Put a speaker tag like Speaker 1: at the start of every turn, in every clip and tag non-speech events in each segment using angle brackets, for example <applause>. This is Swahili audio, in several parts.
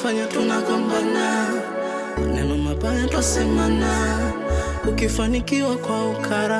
Speaker 1: Fanya tunagombana, maneno mabaya twasemana, ukifanikiwa kwa ukara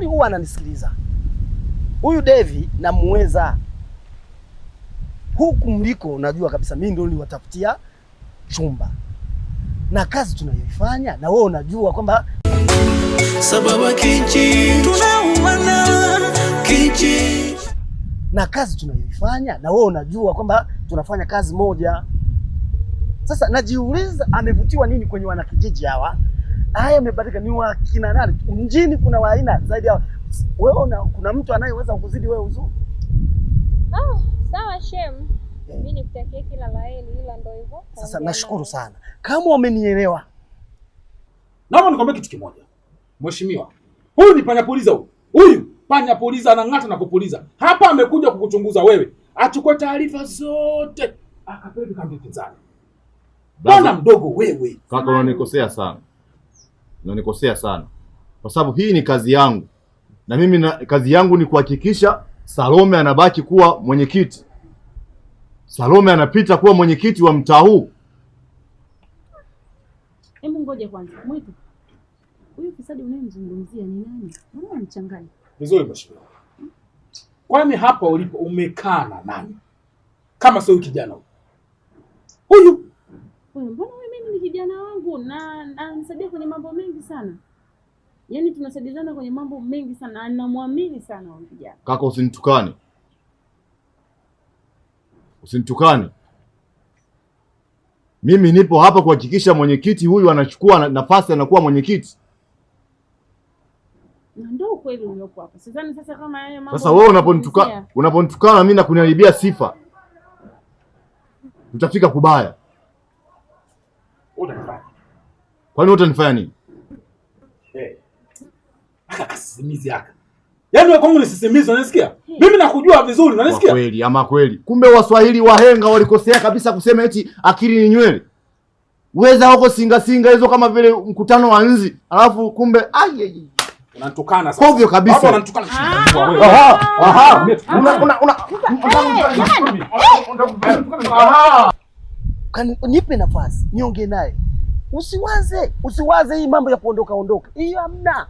Speaker 1: vizuri huwa ananisikiliza huyu Devi, namuweza huku mliko, najua kabisa mimi ndio niliwatafutia chumba na kazi tunayoifanya, na wewe unajua kwamba sababu kinchi tunaumana kinchi, na kazi tunayoifanya, na wewe unajua kwamba tunafanya kazi moja. Sasa najiuliza amevutiwa nini kwenye wanakijiji hawa haya yamebadilika. Ni wakina nani mjini? Kuna waaina zaidi ya wewe na kuna mtu anayeweza kuzidi wewe uzuri?
Speaker 2: Oh, sawa shem, eh. mimi nikutakie kila la heri, ila ndio hivyo
Speaker 1: sasa. Nashukuru sana kama umenielewa. Naomba nikwambie kitu kimoja, mheshimiwa. Huyu ni panya poliza, huyu huyu panya poliza anang'ata na kupuliza hapa. Amekuja kukuchunguza wewe, achukue taarifa zote akapeleke kambi pinzani. Bwana mdogo wewe,
Speaker 3: kaka, unanikosea sana unanikosea sana, kwa sababu hii ni kazi yangu na mimi na, kazi yangu ni kuhakikisha Salome anabaki kuwa mwenyekiti, Salome anapita kuwa mwenyekiti wa mtaa huu.
Speaker 4: Hebu ngoje kwanza, Mwitu, huyu fisadi unayemzungumzia ni nani? Mbona unamchanganya?
Speaker 1: Vizuri mheshimiwa, kwani hapa ulipo umekaa na nani kama sio kijana huyu
Speaker 4: huyu? Mbona ni kijana wangu na anisaidia kwenye mambo mengi sana, yaani tunasaidiana kwenye mambo mengi sana, anamwamini sana huyu kijana.
Speaker 3: Kaka, usinitukane, usinitukane. Mimi nipo hapa kuhakikisha mwenyekiti huyu anachukua nafasi, anakuwa mwenyekiti.
Speaker 4: Ndio ukweli uliopo hapa. Sidhani sasa kama hayo mambo.
Speaker 3: Sasa wewe unaponitukana, unaponitukana mimi na kuniharibia sifa, tutafika kubaya. Utanifanya. Kwani utanifanya nini?
Speaker 1: Eh. Aka kasisimizi haka. Yaani wewe kwangu ni sisimizi unanisikia? Mimi nakujua vizuri unanisikia?
Speaker 3: Kwa Kweli ama kweli. Kumbe Waswahili wahenga walikosea kabisa kusema eti akili ni nywele. Uweza huko singa singa hizo kama vile mkutano wa nzi. Alafu kumbe aye. unatukana sasa. Kovyo kabisa. Hapo
Speaker 1: unatukana. Ah. Aha. Aha. Una una una. Aha nipe nafasi niongee naye, usiwaze usiwaze hii mambo ya kuondoka ondoka, hiyo hamna.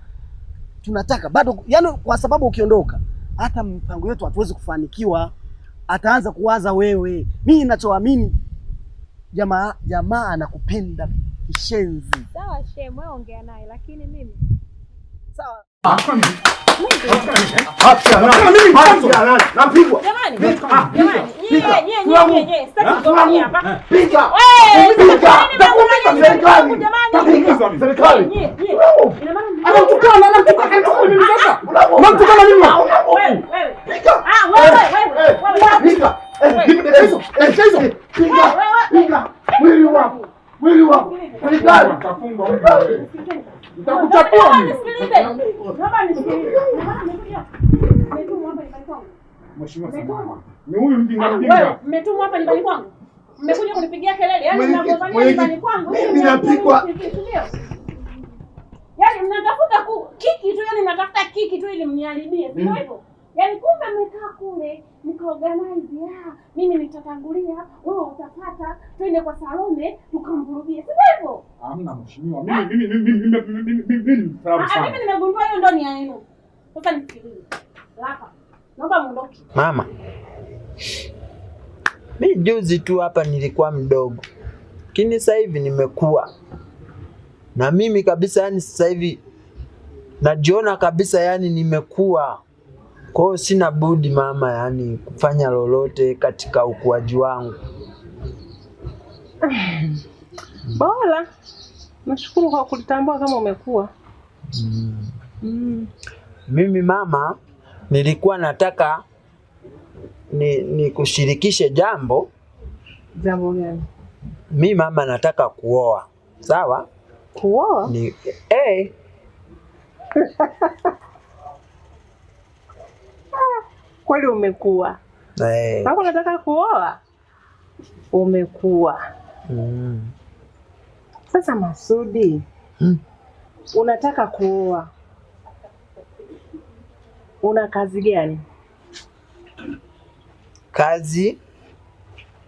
Speaker 1: Tunataka bado yani, kwa sababu ukiondoka hata mpango wetu hatuwezi kufanikiwa, ataanza kuwaza wewe. Mimi ninachoamini jamaa jamaa anakupenda kishenzi.
Speaker 2: Sawa shemu, ongea naye, lakini mimi
Speaker 1: sawa Mwili wako mwili wako serikali Nitakuchapua
Speaker 4: mimi. Naomba Mmetumwa hapa nyumbani kwangu. Mmekuja kunipigia kelele. Yaani mnavozania nyumbani kwangu.
Speaker 1: Mimi napikwa.
Speaker 4: Yaani mnatafuta yaani kiki tu, yaani mnatafuta kiki tu ili mniharibie. Sio hivyo? Yaani kumbe mmekaa kule mkaorganize, ya ah, mimi nitatangulia, wewe utapata, twende kwa Salome tukamburudie. sivyo hivyo?
Speaker 1: Hamna mheshimiwa, mimi
Speaker 4: nimegundua hiyo ndo nia yenu. Sasa nisikilize, hapa naomba muondoke.
Speaker 5: Mama, mi juzi tu hapa nilikuwa mdogo, lakini sasa hivi nimekuwa na mimi kabisa, yani sasa hivi najiona kabisa, yani nimekuwa kwa hiyo sina budi mama, yani kufanya lolote katika ukuaji wangu.
Speaker 6: <sighs> Bora nashukuru kwa kulitambua kama umekuwa mm.
Speaker 5: Mm. Mimi mama, nilikuwa nataka ni nikushirikishe jambo.
Speaker 6: Jambo gani?
Speaker 5: Mi mama, nataka kuoa. Sawa, kuoa ni eh. <laughs>
Speaker 6: kweli umekuwa hey. Eh. Sasa unataka kuoa umekuwa mm. Sasa Masudi mm. Unataka kuoa una kazi gani?
Speaker 5: Kazi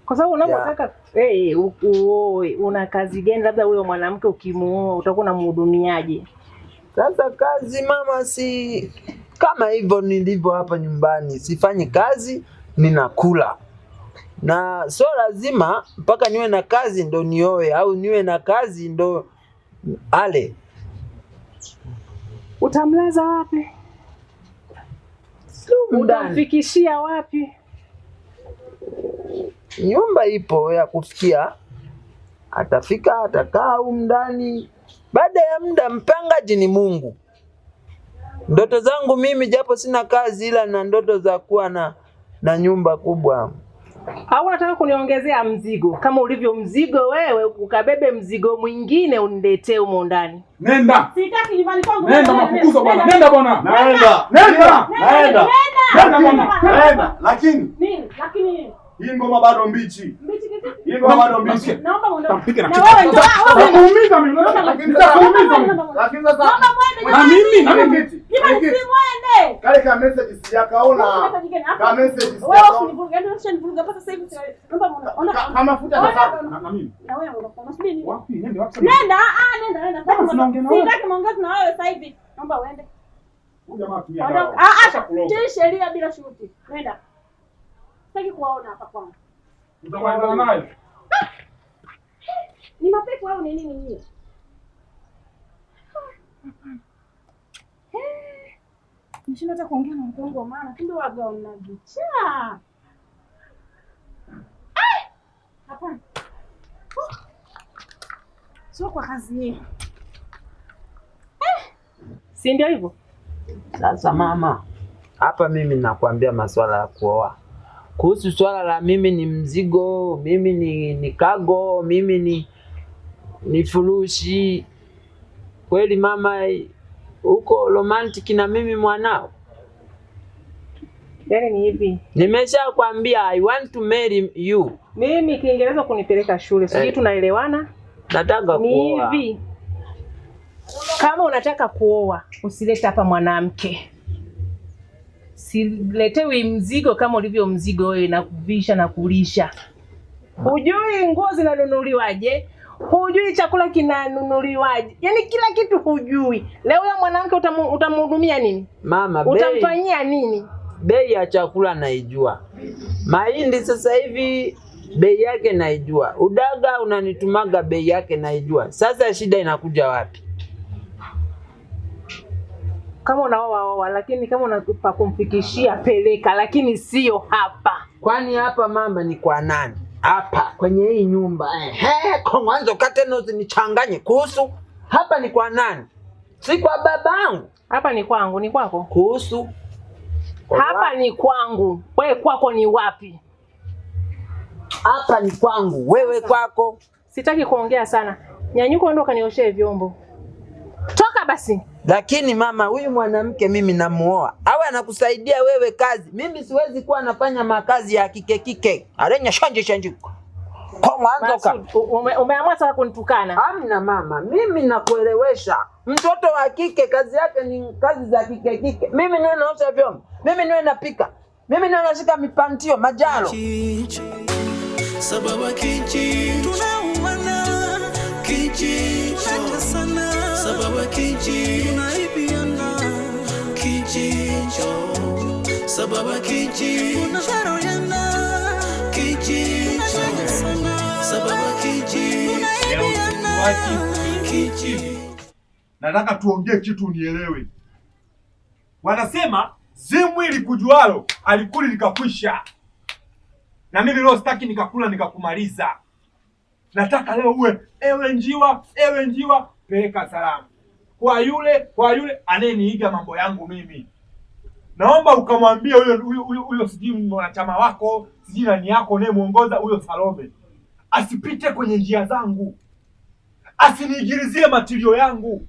Speaker 6: kwa sababu unapotaka hey, eh, eh, uoe una kazi gani? Labda huyo mwanamke ukimuoa utakuwa na mhudumiaje?
Speaker 5: Sasa kazi mama, si kama hivyo nilivyo hapa nyumbani, sifanyi kazi, ninakula na sio lazima mpaka niwe na kazi ndo nioe au niwe na kazi ndo ale.
Speaker 6: Utamlaza wapi? Utamfikishia wapi?
Speaker 5: Nyumba ipo ya kufikia, atafika atakaa humu ndani. Baada ya muda, mpangaji ni Mungu. Ndoto zangu mimi japo sina kazi, ila na ndoto za kuwa na na nyumba kubwa.
Speaker 6: Au unataka kuniongezea mzigo kama ulivyo mzigo wewe, ukabebe mzigo mwingine uniletee humo ndani?
Speaker 1: Nenda,
Speaker 4: sitaki nyumbani kwangu.
Speaker 1: Nenda mafukuzo bwana, nenda bwana,
Speaker 3: naenda,
Speaker 1: nenda, naenda, nenda bwana, naenda. Lakini
Speaker 4: nini? Lakini
Speaker 1: hii ngoma bado mbichi. Hii ngoma bado mbichi.
Speaker 4: Naomba muondoke.
Speaker 1: Na wewe ndio unakuumiza mimi. Unakuumiza mimi. Lakini sasa na mimi na
Speaker 4: mimi mbichi. simu ende.
Speaker 1: Kale ka message sijakaona. Ka message sijakaona.
Speaker 4: Yaani wewe usinivuruge. Yaani unashanivuruga mpaka sasa hivi. Naomba muondoke.
Speaker 1: Kama futa sasa na mimi.
Speaker 4: Na wewe unakuwa unasubiri.
Speaker 1: Wapi? Nenda ah
Speaker 4: Nenda. Ah,
Speaker 1: nenda nenda.
Speaker 4: Sitaki maongezi na wewe sasa hivi. Naomba uende.
Speaker 1: Huyu jamaa pia.
Speaker 4: Ah, acha ah, kuloga. Sheria bila shuruti. Nenda. Sitaki kuwaona hapa kwangu.
Speaker 1: Utamalizana
Speaker 4: Ni mapepo au ni nini Nishinda hata kuongea na maana kumbe waga unajicha. Hapana. Sio kwa kazi Si ndio hivyo?
Speaker 5: Sasa mama, hapa mimi nakwambia masuala ya kuoa kuhusu swala la mimi ni mzigo, mimi ni, ni kago, mimi ni, ni furushi. Kweli mama huko romantic na mimi mwanao?
Speaker 6: Yaani ni hivi.
Speaker 5: Nimeshakwambia I want to marry you.
Speaker 6: Mimi Kiingereza kunipeleka shule. Sijui eh, tunaelewana?
Speaker 5: Nataka kuoa. Ni hivi.
Speaker 6: Kama unataka kuoa, usilete hapa mwanamke siletewi mzigo kama ulivyo mzigo wewe, na kuvisha na kulisha. Hujui nguo zinanunuliwaje, hujui chakula kinanunuliwaje, yaani kila kitu hujui. Leo ya mwanamke utamhudumia nini mama, utamfanyia nini?
Speaker 5: Bei ya chakula naijua, mahindi sasa hivi bei yake naijua, udaga unanitumaga bei yake naijua. Sasa shida inakuja wapi?
Speaker 6: kama unaoaoa, lakini kama unatupa kumfikishia peleka, lakini sio hapa.
Speaker 5: Kwani hapa mama ni kwa nani? Hapa kwenye hii nyumba ehe, kwa mwanzo katenozi nichanganye kuhusu hapa ni kwa nani? Si kwa babangu.
Speaker 6: Hapa ni kwangu. Ni kwako?
Speaker 5: Kuhusu
Speaker 6: hapa ni kwangu, wewe kwako ni wapi?
Speaker 5: Hapa ni kwangu, wewe kwako.
Speaker 6: Sitaki kuongea sana, nyanyuka, ndo kanioshe vyombo, toka basi.
Speaker 5: Lakini mama, huyu mwanamke mimi namuoa, awe anakusaidia wewe kazi. Mimi siwezi kuwa nafanya makazi ya kike kike arenya shanje shanje
Speaker 6: ume, umeamua sasa kunitukana?
Speaker 5: Hamna mama, mimi nakuelewesha. Mtoto wa kike kazi yake ni kazi za kike kike. Mimi niwe naosha vyombo, mimi niwe napika, mimi niwe nashika mipantio majalo Sababu kichi tunaumana kichi sababu kijicho kijicho
Speaker 1: sababu Nataka tuongee kitu nielewe. Wanasema zimwi likujualo alikuli likakwisha, na mimi leo sitaki nikakula nikakumaliza. Nataka leo uwe ewe njiwa, ewe njiwa peleka salamu kwa yule kwa yule anayeniiga mambo yangu mimi. Naomba ukamwambia huyo huyo sijui mwanachama wako sijui nani yako naye muongoza huyo Salome asipite kwenye njia zangu, asiniigirizie matirio yangu,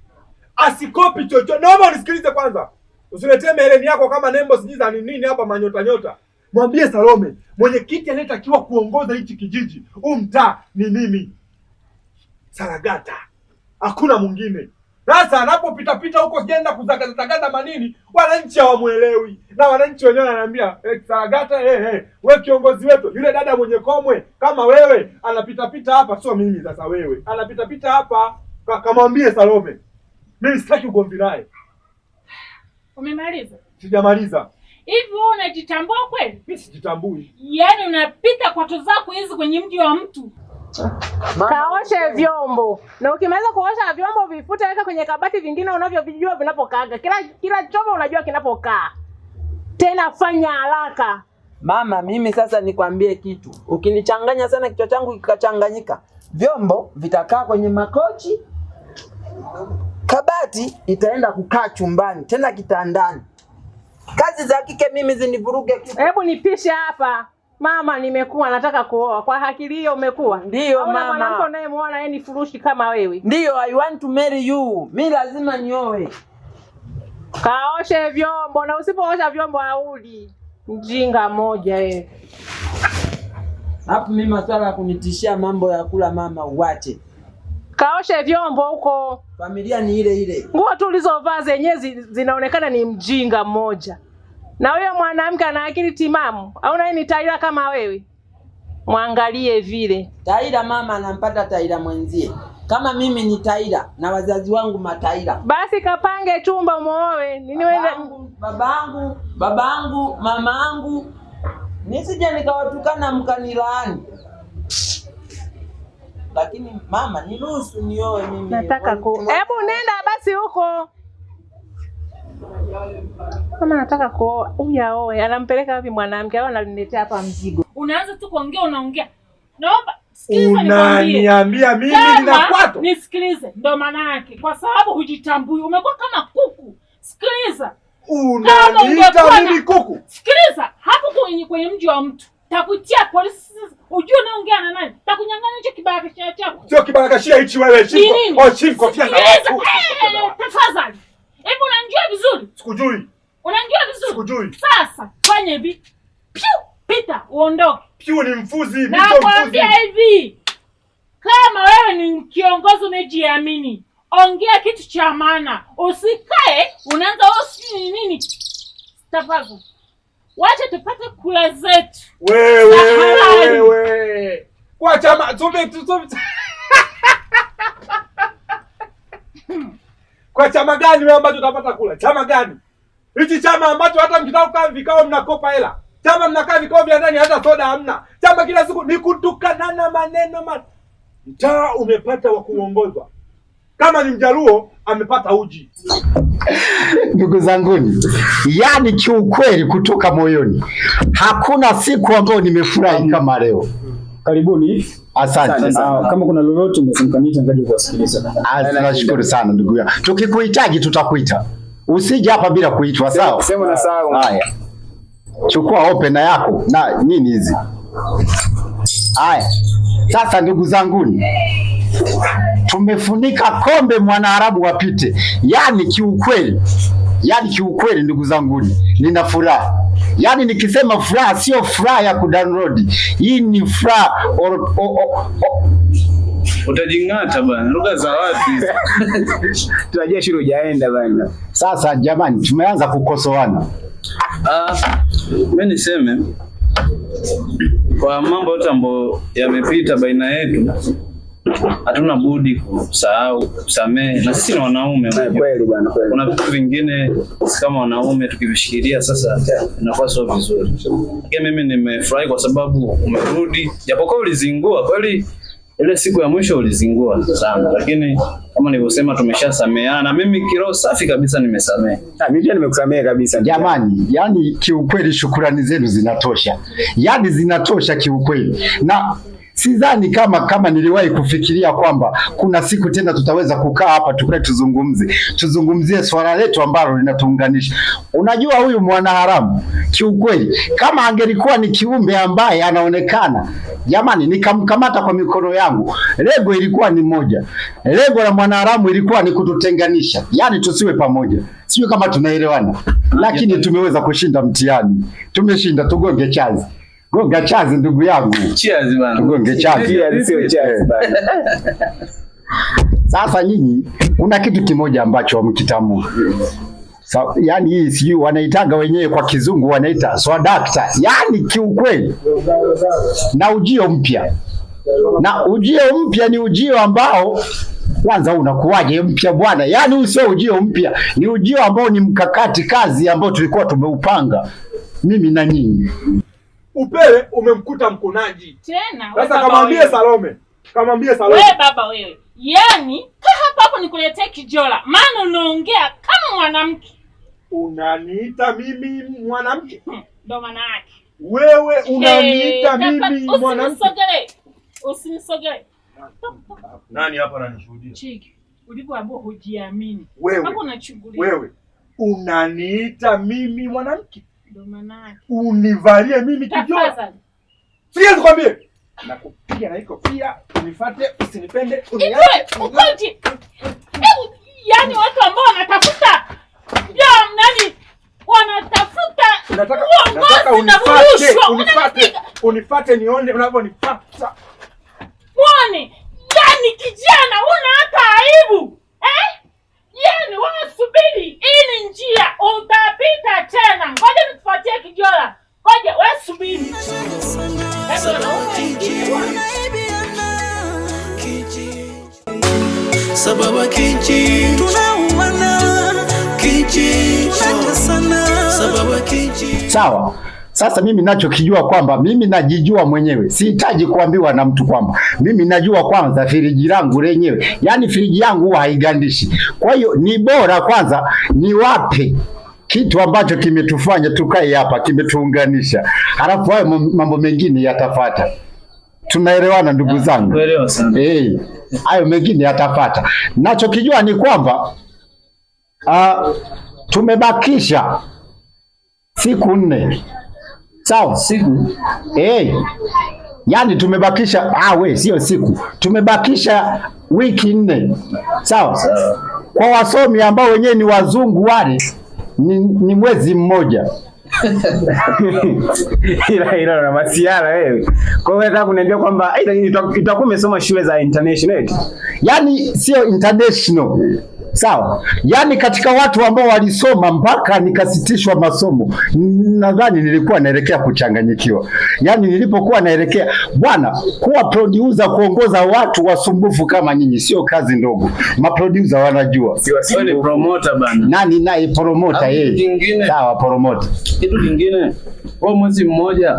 Speaker 1: asikopi chochote. Naomba unisikilize kwanza, usiletee meleni yako kama nembo sijui za nini hapa manyota nyota. Mwambie Salome, mwenyekiti anayetakiwa kuongoza hichi kijiji huu mtaa ni mimi Saragata hakuna mwingine. Sasa anapopitapita huko jenda tagaza manini, wananchi hawamuelewi, na wananchi wenyewe wananiambia hey, eh, Saragata hey, eh, eh, hey, we kiongozi wetu yule dada mwenye komwe kama wewe anapitapita hapa, sio mimi. Sasa wewe pita hapa, kamwambie Salome mimi sitaki ugomvi naye.
Speaker 4: Umemaliza?
Speaker 1: Sijamaliza.
Speaker 4: Hivi wewe unajitambua kweli?
Speaker 1: Mimi sijitambui.
Speaker 4: Yaani unapita tozo zako hizi kwenye mji wa mtu
Speaker 6: Kaoshe vyombo na ukimaliza kuosha vyombo vifute, weka kwenye kabati vingine unavyovijua vinapokaaga. Kila kila chombo unajua kinapokaa, tena fanya haraka.
Speaker 5: Mama, mimi sasa nikwambie kitu, ukinichanganya sana kichwa changu kikachanganyika, vyombo vitakaa kwenye makochi, kabati itaenda kukaa chumbani, tena kitandani. Kazi za kike mimi zinivuruge.
Speaker 6: Hebu nipishe hapa. Mama, nimekuwa nataka kuoa. Kwa akili hiyo umekuwa? Ndio mama. Mwanamke unayemwona yeye ni furushi kama wewe.
Speaker 5: Ndio, I want to marry you. Mi lazima nioe.
Speaker 6: Kaoshe vyombo na usipoosha vyombo hauli. Mjinga moja wewe.
Speaker 5: Hapo mimi masuala ya kunitishia mambo ya kula mama uwache.
Speaker 6: Kaoshe vyombo huko.
Speaker 5: Familia ni ile ile.
Speaker 6: Nguo tu ulizovaa zenyewe zinaonekana ni mjinga mmoja na huyo mwanamke ana akili timamu au naye ni taira kama wewe? Mwangalie vile
Speaker 5: taira, mama anampata taira mwenzie. Kama mimi ni taira na wazazi wangu mataira,
Speaker 6: basi kapange chumba muoe.
Speaker 5: Nini wewe? Babangu, babangu, mamangu, nisije nikawatukana mkanilaani. Lakini mama, niruhusu nioe mimi.
Speaker 6: Nataka ku, hebu nenda basi huko Mama nataka kuoa, huyu aoe. Anampeleka wapi mwanamke? Au ananiletea hapa mzigo?
Speaker 4: Unaanza tu kuongea, unaongea. Naomba unaniambia
Speaker 1: mimi nina ninafuata.
Speaker 4: Nisikilize, ndo maana yake, kwa sababu hujitambui, umekuwa kama kuku. Sikiliza,
Speaker 1: unaniita mimi kuku?
Speaker 4: Sikiliza, hapo kwenye kwenye mji wa mtu takutia polisi, ujue unaongea na nani? Takunyang'anya hicho kibarakashia chako.
Speaker 1: Sio kibarakashia hichi, wewe. shiko, oh, oh,
Speaker 4: eh, eh, eh, Tafadhali Hebu unanijua vizuri? Sikujui. Unanijua vizuri? Sikujui. Sasa fanye hivi. Piu, pita uondoke.
Speaker 1: Piu ni mfuzi, mimi
Speaker 4: mfuzi. Nakwambia hivi. Kama wewe ni kiongozi unajiamini, ongea kitu cha maana. Usikae unaanza usi nini? Tafadhali. Wacha tupate kula zetu.
Speaker 1: Wewe wewe. Wewe. Kwa chama tume Hmm. Kwa chama gani wewe ambacho utapata kula? Chama gani? Hichi chama ambacho hata mkitaka kukaa vikao mnakopa hela. Chama mnakaa vikao vya ndani hata soda hamna. Chama kila siku ni kutukanana maneno ma Mtaa umepata wa kuongozwa. Kama ni Mjaluo amepata uji.
Speaker 7: Ndugu zanguni, yani kiukweli, kutoka moyoni, hakuna siku ambayo nimefurahi kama leo.
Speaker 8: Karibuni. Asante Kama kuna lolote
Speaker 7: ah, tunashukuru sana ndugu yangu, tukikuhitaji tutakuita, usije hapa bila kuitwa. Sawa,
Speaker 8: sema na sawa.
Speaker 7: Haya, chukua opena yako na nini hizi. Haya, sasa ndugu zanguni, tumefunika kombe mwanaarabu wapite. Yani kiukweli, yani kiukweli ndugu zanguni, nina furaha Yaani nikisema furaha sio furaha ya kudownload. Hii ni furaha
Speaker 9: utajing'ata bana, lugha za wapi?
Speaker 7: <laughs> Tunajua shule hujaenda bana. Sasa jamani, tumeanza kukosoana.
Speaker 9: Ah, mimi niseme kwa mambo yote ambayo yamepita baina yetu hatuna budi kusahau, kusamehe, na sisi ni wanaume. Kuna vitu vingine kama wanaume tukivishikilia sasa inakuwa sio vizuri. Mimi nimefurahi kwa sababu umerudi, japokuwa ulizingua kweli ile siku ya mwisho ulizingua sana, lakini kama nilivyosema, tumeshasameheana. Mimi kiroho safi kabisa nimesamehe.
Speaker 7: Ah, mimi pia nimekusamehe kabisa. Jamani, yani kiukweli shukrani zenu zinatosha, yani zinatosha kiukweli na Sidhani kama kama niliwahi kufikiria kwamba kuna siku tena tutaweza kukaa hapa tukae tuzungumze, tuzungumzie swala letu ambalo linatuunganisha. Unajua, huyu mwanaharamu kiukweli, kama angelikuwa ni kiumbe ambaye anaonekana, jamani, nikamkamata kwa mikono yangu, lengo ilikuwa ni moja. Lengo la mwanaharamu ilikuwa ni kututenganisha, yani tusiwe pamoja. Sio kama tunaelewana, lakini tumeweza kushinda mtihani, tumeshinda. Tugonge chazi. Gonga chazi ndugu yangu.
Speaker 9: Cheers bana.
Speaker 7: Tugonge chazi. Sio eh. bana. Sasa nyinyi kuna kitu kimoja ambacho hamkitambua. So, yani hii sijui wanaitaga wenyewe kwa kizungu wanaita swadakta, yani kiukweli, na ujio mpya na ujio mpya ni ujio ambao kwanza unakuwaje mpya bwana? Yani huu sio ujio mpya, ni ujio ambao ni mkakati kazi ambao tulikuwa tumeupanga mimi na nyinyi
Speaker 1: upele umemkuta mkunaji tena. Sasa kamwambie Salome, kamwambie Salome.
Speaker 4: Wewe baba wewe, yani kaa hapa hapo nikuletee kijola, maana unaongea kama mwanamke.
Speaker 1: Unaniita mimi mwanamke?
Speaker 4: Hmm, ndo maana yake
Speaker 1: wewe unaniita mimi
Speaker 4: mwanamke. Usinisogelee, usinisogelee. Nani hapa ananishuhudia? Chiki, ulivyoambiwa hujiamini. Wewe. Hapo unachungulia.
Speaker 1: Wewe unaniita mimi mwanamke univalie mimi kijora, siwezi kwambie nakupiga na iko pia, unifate usinipende,
Speaker 4: Yani watu ambao wanatafuta nani, wanatafuta
Speaker 1: nataka unifate, unifate, unifate nione unavyonipata.
Speaker 4: Mwone yani kijana, una hata aibu eh? Yani ni wewe, subiri, hii ni njia utapita tena. Ngoja nikupatie kijola, ngoja wewe subiri.
Speaker 7: Sababa kinchi tunauana kinchi tunatesana sababa kinchi sawa sasa mimi nachokijua kwamba mimi najijua mwenyewe, sihitaji kuambiwa na mtu kwamba mimi najua kwanza firiji langu lenyewe, yaani firiji yangu huwa haigandishi. Kwa hiyo ni bora kwanza niwape kitu ambacho kimetufanya tukae hapa, kimetuunganisha, halafu hayo mambo mengine yatafata. Tunaelewana ndugu ah, zangu? Eh, hayo mengine yatafata. Nachokijua ni kwamba uh, tumebakisha siku nne sawa siku hey. Yani tumebakisha ah, we sio siku, tumebakisha wiki nne, sawa kwa wasomi ambao wenyewe ni wazungu wale ni, ni mwezi mmoja
Speaker 9: <laughs> ila ila na masiara wewe. Eh. Kwa hiyo nataka kuniambia kwamba itakuwa umesoma shule za international, eh.
Speaker 7: yani sio international sawa. Yaani katika watu ambao walisoma mpaka nikasitishwa masomo, nadhani nilikuwa naelekea kuchanganyikiwa. Yaani nilipokuwa naelekea, bwana, kuwa producer, kuongoza watu wasumbufu kama nyinyi sio kazi ndogo. Maproducer wanajua
Speaker 9: ni promoter bana.
Speaker 7: Nani naye promoter
Speaker 9: yeye?
Speaker 7: Sawa, promoter.
Speaker 9: Kitu kingine, kwa mwezi mmoja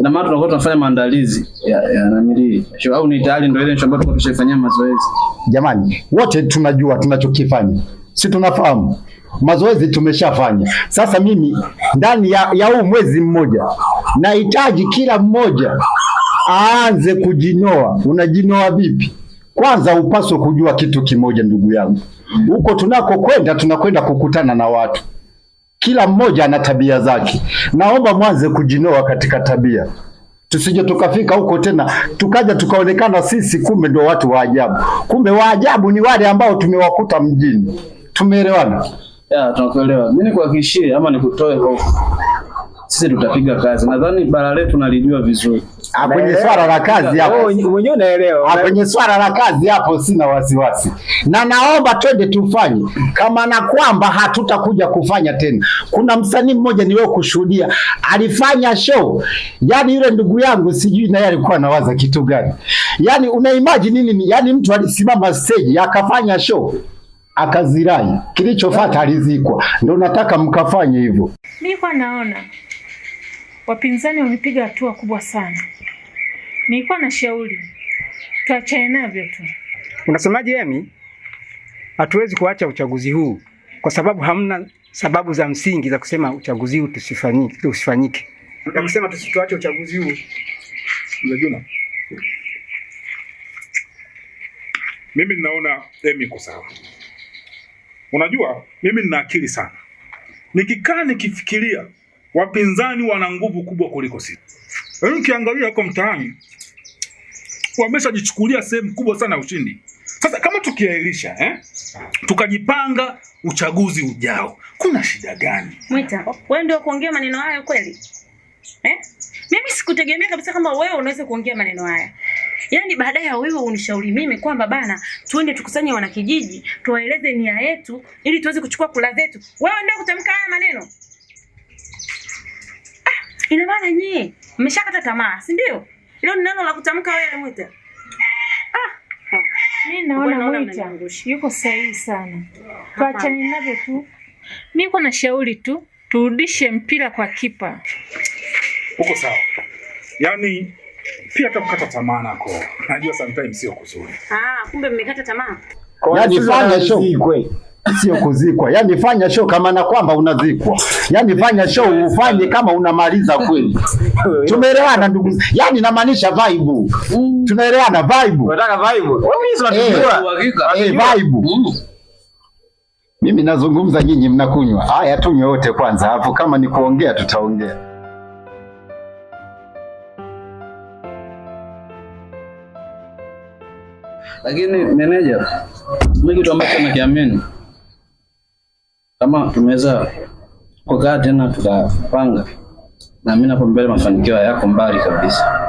Speaker 9: Ina maana tunakuwa tunafanya maandalizi ya, ya nanili au ni tayari ndio ile ambayo tulikuwa tushafanyia mazoezi.
Speaker 7: Jamani, wote tunajua tunachokifanya, si tunafahamu mazoezi tumeshafanya. Sasa mimi ndani ya, ya huu mwezi mmoja nahitaji kila mmoja aanze kujinoa. Unajinoa vipi? Kwanza upaswe kujua kitu kimoja, ndugu yangu, huko tunakokwenda tunakwenda kukutana na watu kila mmoja ana tabia zake, naomba mwanze kujinoa katika tabia, tusije tukafika huko tena tukaja tukaonekana sisi kumbe ndio watu wa ajabu. Kumbe wa ajabu ni wale ambao tumewakuta mjini. Tumeelewana?
Speaker 9: Tunakuelewa. Mimi nikuhakikishie ama nikutoe hofu sisi tutapiga kazi. Nadhani bara letu nalijua vizuri
Speaker 7: ah, kwenye swala la kazi hapo,
Speaker 6: mwenyewe unaelewa.
Speaker 7: Ah, kwenye swala la kazi hapo sina wasiwasi Na naomba twende tufanye kama na kwamba hatutakuja kufanya tena. Kuna msanii mmoja ni wewe kushuhudia alifanya show, yani yule ndugu yangu sijui naye alikuwa anawaza kitu gani, yani una imagine nini, Yani mtu alisimama stage akafanya show akazirai, kilichofuata alizikwa. Ndio nataka mkafanye hivyo,
Speaker 10: mimi kwa naona Wapinzani wamepiga hatua kubwa sana. Nilikuwa na shauri tuachane navyo tu.
Speaker 1: Unasemaje Emi? Hatuwezi kuacha uchaguzi huu kwa sababu hamna sababu za msingi za kusema uchaguzi huu tusifanyike, usifanyike. Na kusema tusituache uchaguzi huu. Unajua? Mimi ninaona Emi iko sawa. Unajua, mimi nina akili sana, nikikaa nikifikiria wapinzani wana nguvu kubwa kuliko sisi. Yaani ukiangalia huko mtaani wameshajichukulia sehemu kubwa sana ya ushindi. Sasa kama tukiahirisha eh, tukajipanga uchaguzi ujao, kuna shida gani?
Speaker 4: Mwita, wewe ndio kuongea maneno hayo kweli eh? Mimi sikutegemea kabisa kama wewe unaweza kuongea maneno haya. Yaani baada ya wewe unishauri mimi kwamba bana, tuende tukusanye wanakijiji, tuwaeleze nia yetu ili tuweze kuchukua kula zetu, wewe ndio kutamka haya maneno. Ina maana nyie mmeshakata tamaa, si ndio? Leo ni neno la kutamka wewe Mwita. Ah.
Speaker 10: Mimi naona Mwita yuko sahihi sana. Tuachane navyo tu. Niko na shauri tu, turudishe mpira kwa kipa.
Speaker 1: Uko sawa. Yaani pia hata kukata tamaa nako. Najua sometimes sio kuzuri.
Speaker 4: Ah, kumbe mmekata tamaa.
Speaker 7: Yaani, kwa fanya show sio kuzikwa. Yani fanya show kama na kwamba unazikwa, yani fanya show ufanye kama unamaliza kweli. Tumeelewana ndugu? Yani namaanisha vibe, tunaelewana vibe.
Speaker 1: Unataka vibe wewe, mimi eh.
Speaker 7: eh, vibe mm. mimi nazungumza, nyinyi mnakunywa. Haya, tunywe wote kwanza, hapo kama ni kuongea tutaongea.
Speaker 9: Lakini meneja, mimi kitu ambacho nakiamini kama tumeweza kukaa tena tukapanga, na mimi napo mbele, mafanikio yako mbali kabisa.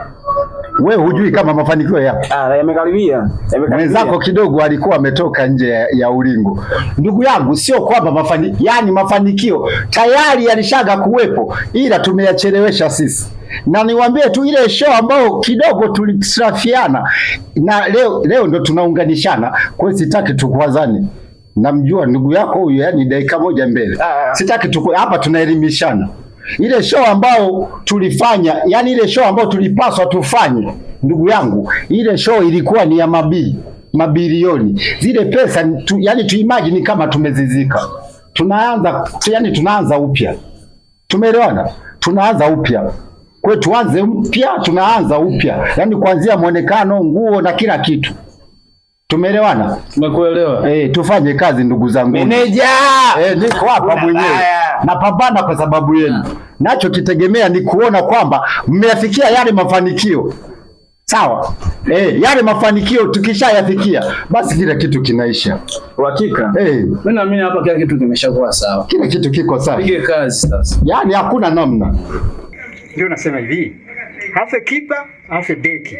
Speaker 7: We hujui kama mafanikio
Speaker 9: ah, yamekaribia
Speaker 7: mwenzako kidogo, alikuwa ametoka nje ya, ya ulingo. Ndugu yangu, sio kwamba mafani, yani mafanikio tayari yalishaga kuwepo, ila tumeyachelewesha sisi na niwaambie tu ile show ambayo kidogo tulisrafiana na leo, leo ndo tunaunganishana. Kwa hiyo sitaki tukwazane namjua ndugu yako huyu, yani dakika moja mbele. Ah, ah. Sitaki tuko hapa tunaelimishana. Ile show ambayo tulifanya, yani ile show ambayo tulipaswa tufanye, ndugu yangu, ile show ilikuwa ni ya mabii mabilioni zile pesa tu, yani tuimagine kama tumezizika, tunaanza yani tunaanza upya, tumeelewana, tunaanza upya kwe, tuanze upya, tunaanza upya, yani kuanzia mwonekano, nguo na kila kitu. Tumeelewana?
Speaker 9: Tumekuelewa.
Speaker 7: Eh, tufanye kazi ndugu zangu.
Speaker 1: Meneja! Eh, niko hapa mwenyewe. Napambana kwa sababu yenu. Nacho kitegemea ni kuona kwamba mmeyafikia yale mafanikio. Sawa? Eh, yale mafanikio tukishayafikia, basi kila kitu kinaisha. Uhakika? Eh. Mimi naamini hapa kila kitu kimeshakuwa sawa.
Speaker 7: Kila kitu kiko sawa.
Speaker 9: Pige kazi sasa.
Speaker 7: Yaani hakuna namna.
Speaker 1: Ndio nasema hivi. Hafe kipa, hafe beki.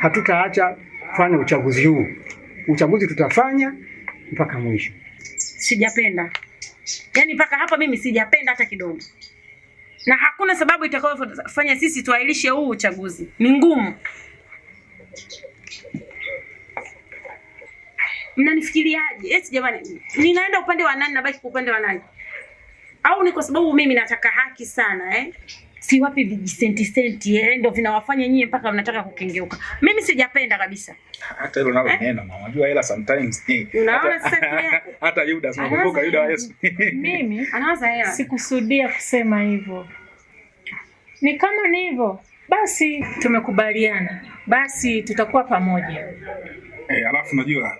Speaker 1: Hatutaacha kufanya uchaguzi huu. Uchaguzi tutafanya mpaka mwisho.
Speaker 4: Sijapenda yani, mpaka hapa mimi sijapenda hata kidogo, na hakuna sababu itakayofanya sisi tuahirishe huu uchaguzi. Ni ngumu. Mnanifikiriaje? Eti eh, jamani, ninaenda upande wa nani na baki upande wa nani? Au ni kwa sababu mimi nataka haki sana eh? siwapi vijisenti senti, eh, ndio vinawafanya nyie mpaka mnataka kukengeuka. Mimi sijapenda kabisa
Speaker 9: hata hilo nalo eh? neno mama, unajua hela sometimes. eh.
Speaker 4: Unaona sasa,
Speaker 9: <laughs> hata Yuda sikumbuka Yuda wa Yesu.
Speaker 10: <laughs> Mimi anawaza hela, sikusudia kusema hivyo, ni kama ni hivyo basi, tumekubaliana basi, tutakuwa pamoja.
Speaker 1: Eh, alafu unajua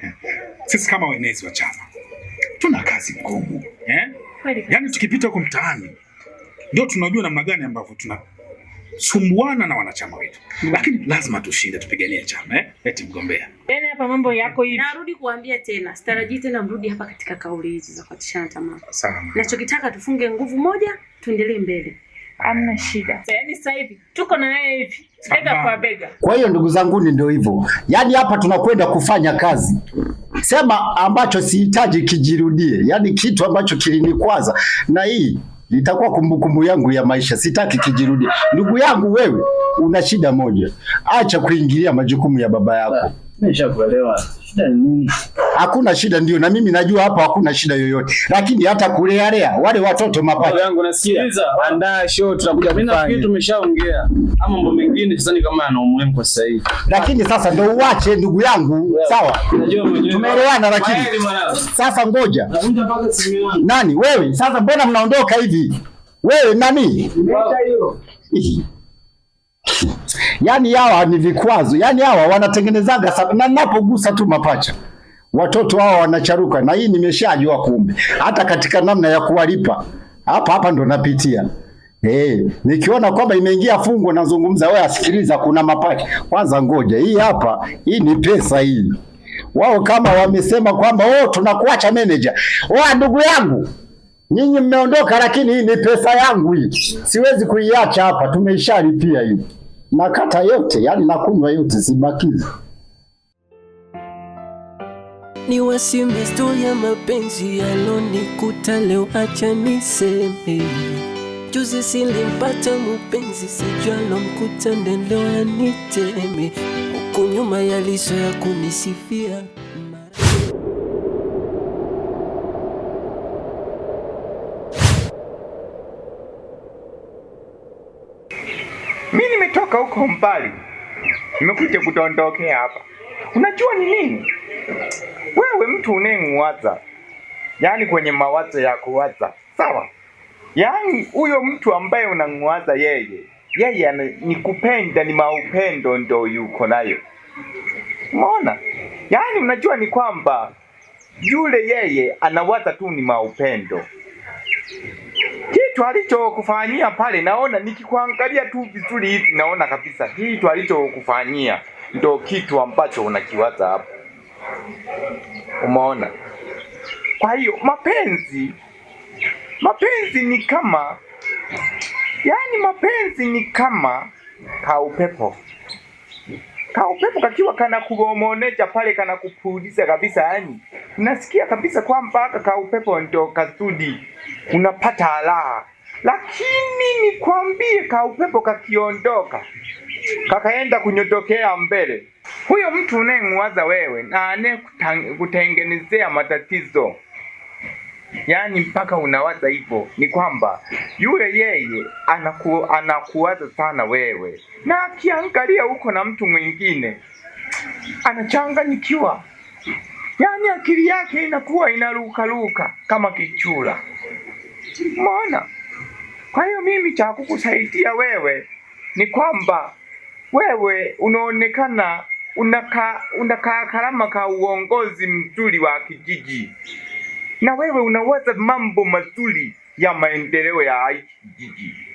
Speaker 1: <laughs> sisi kama wenezi wa chama tuna kazi ngumu eh? Yaani tukipita huko mtaani ndio tunajua namna gani ambavyo tunasumbuana na wanachama wetu, mm. lakini lazima tushinde, tupiganie chama eh, eti mgombea
Speaker 4: tena yaani hapa mambo yako hivi. Narudi kuambia tena, sitarajii tena mrudi hapa katika kauli hizi za kutishana tamaa. Sawa, nachokitaka tufunge nguvu moja, tuendelee mbele.
Speaker 10: Amna shida.
Speaker 4: Yaani sasa hivi tuko na yeye hivi bega kwa bega.
Speaker 7: Kwa hiyo ndugu zanguni, ndio hivyo, yaani hapa tunakwenda kufanya kazi, sema ambacho sihitaji kijirudie, yaani kitu ambacho kilinikwaza na hii litakuwa kumbukumbu yangu ya maisha, sitaki kijirudi. Ndugu yangu, wewe una shida moja, acha kuingilia majukumu ya baba yako.
Speaker 9: Nimeshakuelewa.
Speaker 7: Hakuna shida, ndio na mimi najua hapa hakuna shida yoyote, lakini hata kulea lea wale watoto mapacha
Speaker 9: yangu. Nasikiliza, andaa show, tutakuja kufanya. Mimi nafikiri tumeshaongea, ama mambo mengine sidhani kama yana umuhimu kwa sasa hivi,
Speaker 7: lakini sasa ndio uache, ndugu yangu. yeah. Sawa, najua tumeelewana, lakini sasa ngoja
Speaker 1: mpaka simu yangu.
Speaker 7: nani wewe sasa, mbona mnaondoka hivi wewe nani? hiyo Yaani hawa ni vikwazo, yaani hawa wanatengenezaga sababu, na ninapogusa tu mapacha watoto hawa wanacharuka, na hii nimeshajua kumbe, hata katika namna ya kuwalipa hapa hapa ndo napitia. Hey, eh, nikiona kwamba imeingia fungo nazungumza, wewe asikiliza, kuna mapacha kwanza, ngoja hii hapa, hii ni pesa hii. Wao kama wamesema kwamba oh, tunakuacha manager, oh, ndugu yangu nyinyi mmeondoka, lakini hii ni pesa yangu hii, siwezi kuiacha hapa, tumeishalipia hii na kata yote, yani nakunywa yote, zibakizi ni wasimbe sto ya mapenzi yalonikuta leo, acha niseme juzi silimpata mupenzi, mkuta ndeleo
Speaker 1: aniteme huku nyuma yalizo ya kunisifia kutoka huko mbali nimekuja kutondokea hapa. Unajua ni nini? Wewe mtu unayemwaza, yaani kwenye mawazo ya kuwaza, sawa? Yaani huyo mtu ambaye unamwaza yeye, yeye ni kupenda, ni maupendo ndo yuko nayo. Umeona? Yaani unajua ni kwamba yule yeye anawaza tu ni maupendo kitu alichokufanyia pale, naona nikikuangalia tu vizuri hivi, naona kabisa kitu alichokufanyia ndo kitu ambacho unakiwaza hapo, Umeona? Kwa hiyo mapenzi, mapenzi ni kama, yani, mapenzi ni kama kaupepo kaupepo kakiwa kana kugomoneja pale, kana kupuliza kabisa, yani nasikia kabisa kwamba aka kaupepo ndo kasudi, unapata raha. Lakini nikwambie, kaupepo kakiondoka, kakaenda kunyotokea mbele, huyo mtu unayemwaza wewe na anayekutengenezea matatizo yaani mpaka unawaza hivyo, ni kwamba yule yeye anaku, anakuwaza sana wewe, na akiangalia huko na mtu mwingine anachanganyikiwa, yaani akili yake inakuwa inarukaruka kama kichura. Umeona? Kwa hiyo mimi cha kukusaidia wewe ni kwamba wewe unaonekana unaka karama ka uongozi mzuri wa kijiji na wewe unawaza mambo mazuri ya maendeleo ya hiki kijiji,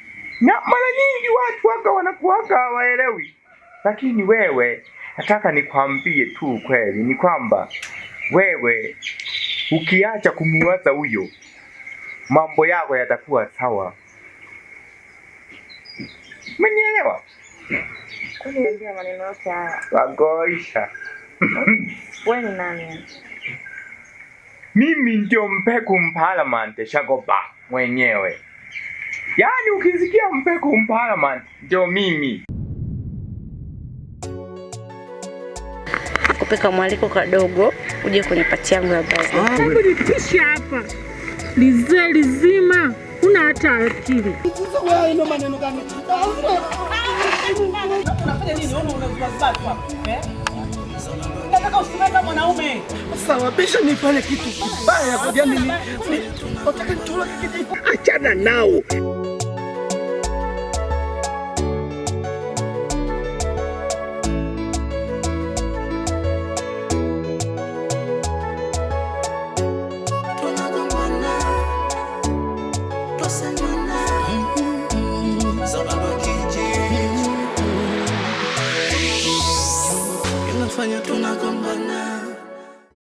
Speaker 1: na mara nyingi watu waka wanakuwaga hawaelewi, lakini wewe, nataka nikwambie tu kweli ni kwamba wewe ukiacha kumuwaza huyo, mambo yako yatakuwa sawa. Umenielewa?
Speaker 4: maneno yote haya.
Speaker 1: Wagoisha.
Speaker 4: <laughs> Wewe ni nani?
Speaker 1: mimi ndio Mpeku Mpalamante Shagoba mwenyewe, yaani ukisikia Mpeku Mpalamante ndio mimi.
Speaker 4: Kupika mwaliko kadogo uje kwenye pati yangu ya bazi.
Speaker 6: Ah, hebu nipishe hapa lize lizima, una hata akili
Speaker 1: unataka usimame kama mwanaume. Sababisha nifanye kitu kibaya kwa jamii. Unataka nitoroke kitu. Achana nao.